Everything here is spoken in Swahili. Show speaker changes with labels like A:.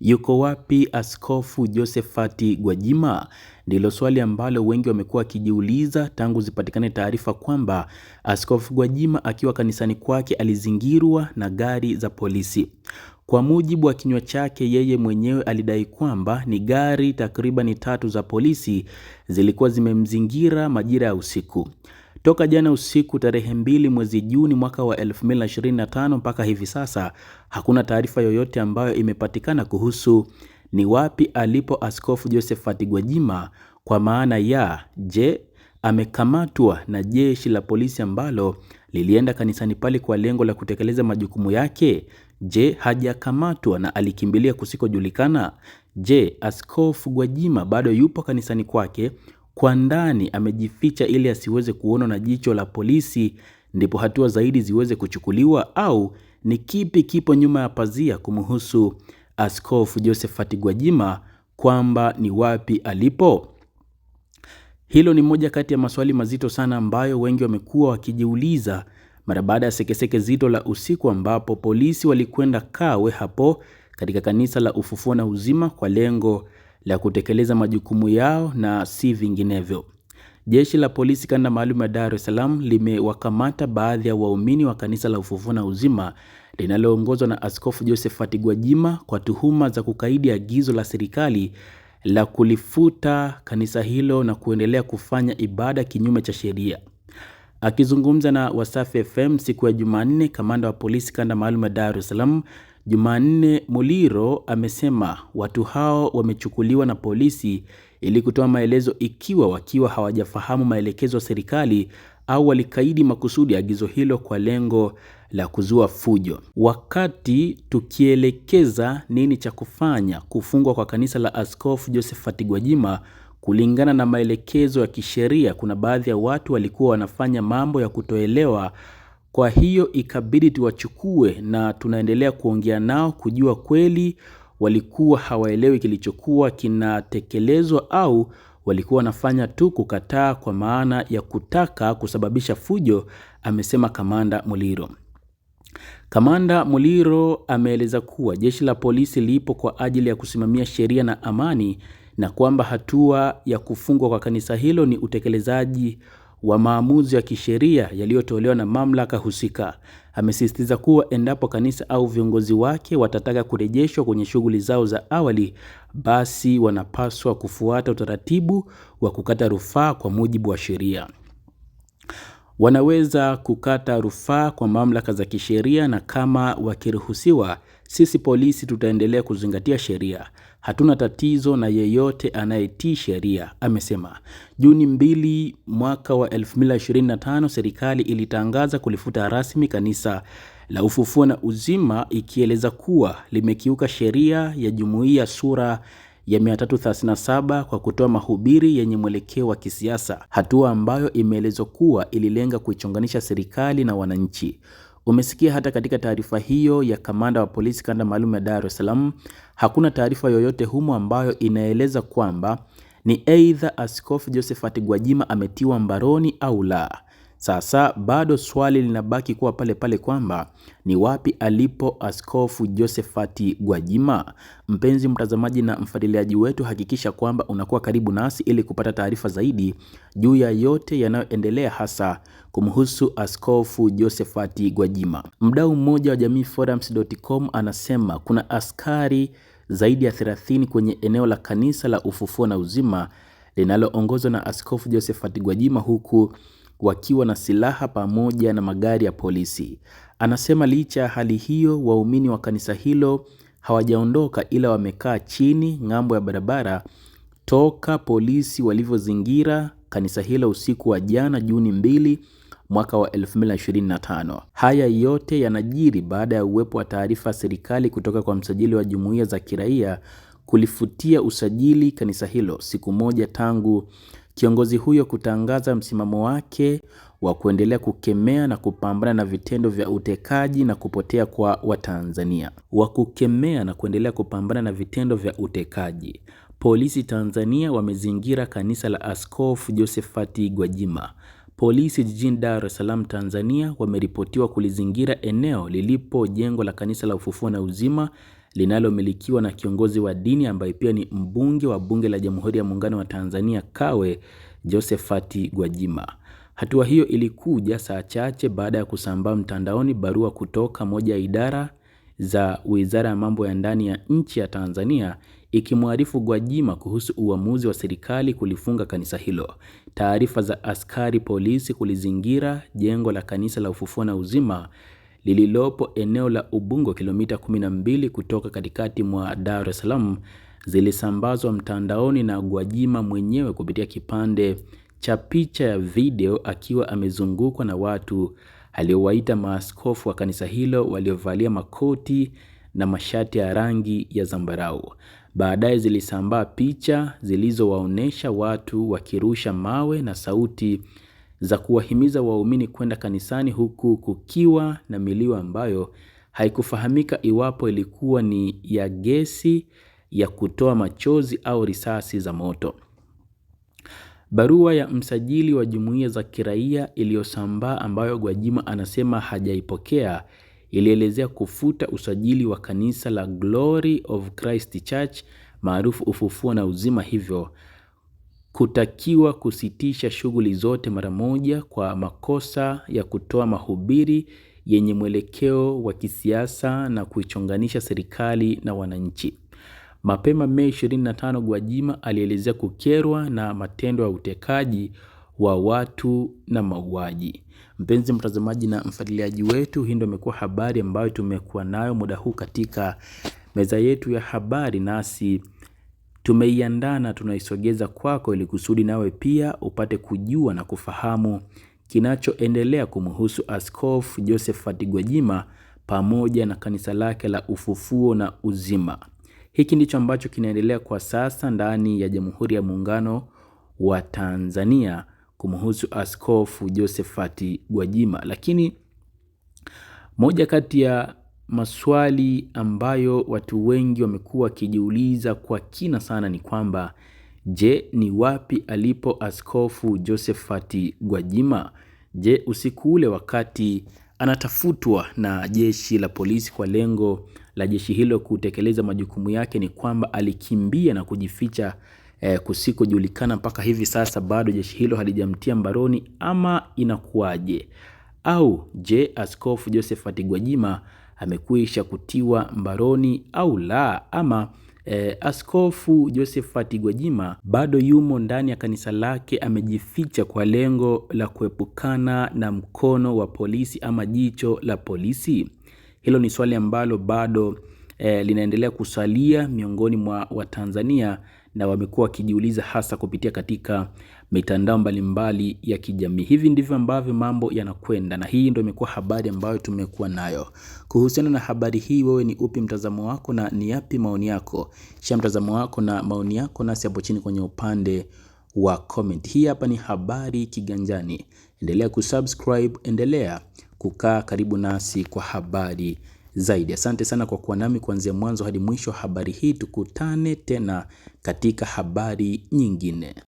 A: Yuko wapi Askofu Josephat Gwajima? Ndilo swali ambalo wengi wamekuwa wakijiuliza tangu zipatikane taarifa kwamba Askofu Gwajima akiwa kanisani kwake alizingirwa na gari za polisi. Kwa mujibu wa kinywa chake yeye mwenyewe alidai kwamba ni gari takribani tatu za polisi zilikuwa zimemzingira majira ya usiku. Toka jana usiku tarehe mbili mwezi Juni mwaka wa 2025 mpaka hivi sasa hakuna taarifa yoyote ambayo imepatikana kuhusu ni wapi alipo Askofu Josephat Gwajima, kwa maana ya je, amekamatwa na jeshi la polisi ambalo lilienda kanisani pale kwa lengo la kutekeleza majukumu yake? Je, hajakamatwa na alikimbilia kusikojulikana? Je, Askofu Gwajima bado yupo kanisani kwake kwa ndani amejificha ili asiweze kuonwa na jicho la polisi, ndipo hatua zaidi ziweze kuchukuliwa, au ni kipi kipo nyuma ya pazia kumhusu Askofu Josephat Gwajima kwamba ni wapi alipo? Hilo ni moja kati ya maswali mazito sana ambayo wengi wamekuwa wakijiuliza mara baada ya sekeseke zito la usiku ambapo polisi walikwenda Kawe hapo katika kanisa la Ufufuo na Uzima kwa lengo la kutekeleza majukumu yao na si vinginevyo. Jeshi la polisi kanda maalum ya Dar es Salaam limewakamata baadhi ya waumini wa kanisa la Ufufuo na Uzima linaloongozwa na Askofu Josephat Gwajima kwa tuhuma za kukaidi agizo la serikali la kulifuta kanisa hilo na kuendelea kufanya ibada kinyume cha sheria. Akizungumza na Wasafi FM siku ya Jumanne, kamanda wa polisi kanda maalum ya Dar es Salaam Jumanne Muliro amesema watu hao wamechukuliwa na polisi ili kutoa maelezo ikiwa wakiwa hawajafahamu maelekezo ya serikali au walikaidi makusudi agizo hilo kwa lengo la kuzua fujo. Wakati tukielekeza nini cha kufanya kufungwa kwa kanisa la Askofu Josephat Gwajima kulingana na maelekezo ya kisheria, kuna baadhi ya watu walikuwa wanafanya mambo ya kutoelewa kwa hiyo ikabidi tuwachukue na tunaendelea kuongea nao kujua kweli walikuwa hawaelewi kilichokuwa kinatekelezwa au walikuwa wanafanya tu kukataa kwa maana ya kutaka kusababisha fujo, amesema Kamanda Muliro. Kamanda Muliro ameeleza kuwa jeshi la polisi lipo kwa ajili ya kusimamia sheria na amani na kwamba hatua ya kufungwa kwa kanisa hilo ni utekelezaji wa maamuzi ya kisheria yaliyotolewa na mamlaka husika. Amesisitiza kuwa endapo kanisa au viongozi wake watataka kurejeshwa kwenye shughuli zao za awali, basi wanapaswa kufuata utaratibu wa kukata rufaa kwa mujibu wa sheria wanaweza kukata rufaa kwa mamlaka za kisheria, na kama wakiruhusiwa, sisi polisi tutaendelea kuzingatia sheria. Hatuna tatizo na yeyote anayetii sheria, amesema. Juni 2 mwaka wa 2025 serikali ilitangaza kulifuta rasmi kanisa la Ufufuo na Uzima, ikieleza kuwa limekiuka sheria ya jumuiya sura ya 337 kwa kutoa mahubiri yenye mwelekeo wa kisiasa, hatua ambayo imeelezwa kuwa ililenga kuichonganisha serikali na wananchi. Umesikia hata katika taarifa hiyo ya kamanda wa polisi kanda maalum ya Dar es Salaam, hakuna taarifa yoyote humo ambayo inaeleza kwamba ni aidha Askofu Josephat Gwajima ametiwa mbaroni au la. Sasa bado swali linabaki kuwa pale pale kwamba ni wapi alipo Askofu Josephati Gwajima? Mpenzi mtazamaji na mfuatiliaji wetu, hakikisha kwamba unakuwa karibu nasi ili kupata taarifa zaidi juu ya yote yanayoendelea hasa kumhusu Askofu Josephati Gwajima. Mdau mmoja wa JamiiForums.com anasema kuna askari zaidi ya 30 kwenye eneo la kanisa la Ufufuo na Uzima linaloongozwa na Askofu Josephati Gwajima huku wakiwa na silaha pamoja na magari ya polisi. Anasema licha ya hali hiyo, waumini wa kanisa hilo hawajaondoka ila wamekaa chini ng'ambo ya barabara toka polisi walivyozingira kanisa hilo usiku wa jana Juni mbili mwaka wa 2025. Haya yote yanajiri baada ya uwepo wa taarifa ya serikali kutoka kwa msajili wa jumuiya za kiraia kulifutia usajili kanisa hilo siku moja tangu kiongozi huyo kutangaza msimamo wake wa kuendelea kukemea na kupambana na vitendo vya utekaji na kupotea kwa Watanzania. Wa kukemea na kuendelea kupambana na vitendo vya utekaji. Polisi Tanzania wamezingira kanisa la Askofu Josephat Gwajima. Polisi jijini Dar es Salaam Tanzania wameripotiwa kulizingira eneo lilipo jengo la kanisa la Ufufuo na Uzima linalomilikiwa na kiongozi wa dini ambaye pia ni mbunge wa bunge la Jamhuri ya Muungano wa Tanzania Kawe Josephati Gwajima. Hatua hiyo ilikuja saa chache baada ya kusambaa mtandaoni barua kutoka moja ya idara za Wizara ya Mambo ya Ndani ya nchi ya Tanzania ikimwarifu Gwajima kuhusu uamuzi wa serikali kulifunga kanisa hilo. Taarifa za askari polisi kulizingira jengo la Kanisa la Ufufuo na Uzima lililopo eneo la Ubungo, kilomita 12 kutoka katikati mwa Dar es Salaam, zilisambazwa mtandaoni na Gwajima mwenyewe kupitia kipande cha picha ya video akiwa amezungukwa na watu aliowaita maaskofu wa kanisa hilo waliovalia makoti na mashati ya rangi ya zambarau. Baadaye zilisambaa picha zilizowaonesha watu wakirusha mawe na sauti za kuwahimiza waumini kwenda kanisani huku kukiwa na milio ambayo haikufahamika iwapo ilikuwa ni ya gesi ya kutoa machozi au risasi za moto. Barua ya msajili wa jumuiya za kiraia iliyosambaa ambayo Gwajima anasema hajaipokea ilielezea kufuta usajili wa kanisa la Glory of Christ Church maarufu Ufufuo na Uzima, hivyo kutakiwa kusitisha shughuli zote mara moja kwa makosa ya kutoa mahubiri yenye mwelekeo wa kisiasa na kuichonganisha serikali na wananchi. Mapema Mei 25, Gwajima alielezea kukerwa na matendo ya utekaji wa watu na mauaji. Mpenzi mtazamaji na mfuatiliaji wetu, hii ndio imekuwa habari ambayo tumekuwa nayo muda huu katika meza yetu ya habari, nasi Tumeiandaa na tunaisogeza kwako ili kusudi nawe pia upate kujua na kufahamu kinachoendelea kumhusu Askofu Josephat Gwajima pamoja na kanisa lake la Ufufuo na Uzima. Hiki ndicho ambacho kinaendelea kwa sasa ndani ya Jamhuri ya Muungano wa Tanzania kumhusu Askofu Josephat Gwajima. Lakini moja kati ya Maswali ambayo watu wengi wamekuwa wakijiuliza kwa kina sana ni kwamba je, ni wapi alipo Askofu Josephat Gwajima? Je, usiku ule wakati anatafutwa na jeshi la polisi kwa lengo la jeshi hilo kutekeleza majukumu yake ni kwamba alikimbia na kujificha eh, kusikojulikana mpaka hivi sasa bado jeshi hilo halijamtia mbaroni ama inakuwaje? Au je, Askofu Josephat Gwajima amekwisha kutiwa mbaroni au la, ama e, Askofu Josephat Gwajima bado yumo ndani ya kanisa lake, amejificha kwa lengo la kuepukana na mkono wa polisi ama jicho la polisi? Hilo ni swali ambalo bado e, linaendelea kusalia miongoni mwa Watanzania na wamekuwa wakijiuliza hasa kupitia katika mitandao mbalimbali ya kijamii. Hivi ndivyo ambavyo mambo yanakwenda, na hii ndio imekuwa habari ambayo tumekuwa nayo kuhusiana na habari hii. Wewe ni upi mtazamo wako na ni yapi maoni yako? Shia mtazamo wako na maoni yako nasi hapo chini kwenye upande wa comment. Hii hapa ni habari Kiganjani. Endelea kusubscribe, endelea kukaa karibu nasi kwa habari zaidi. Asante sana kwa kuwa nami kuanzia mwanzo hadi mwisho habari hii. Tukutane tena katika habari nyingine.